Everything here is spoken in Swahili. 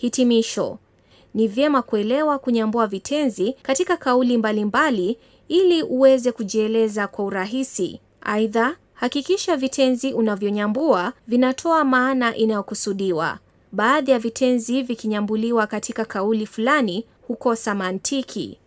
Hitimisho: ni vyema kuelewa kunyambua vitenzi katika kauli mbalimbali ili uweze kujieleza kwa urahisi. Aidha, hakikisha vitenzi unavyonyambua vinatoa maana inayokusudiwa. Baadhi ya vitenzi vikinyambuliwa katika kauli fulani hukosa mantiki.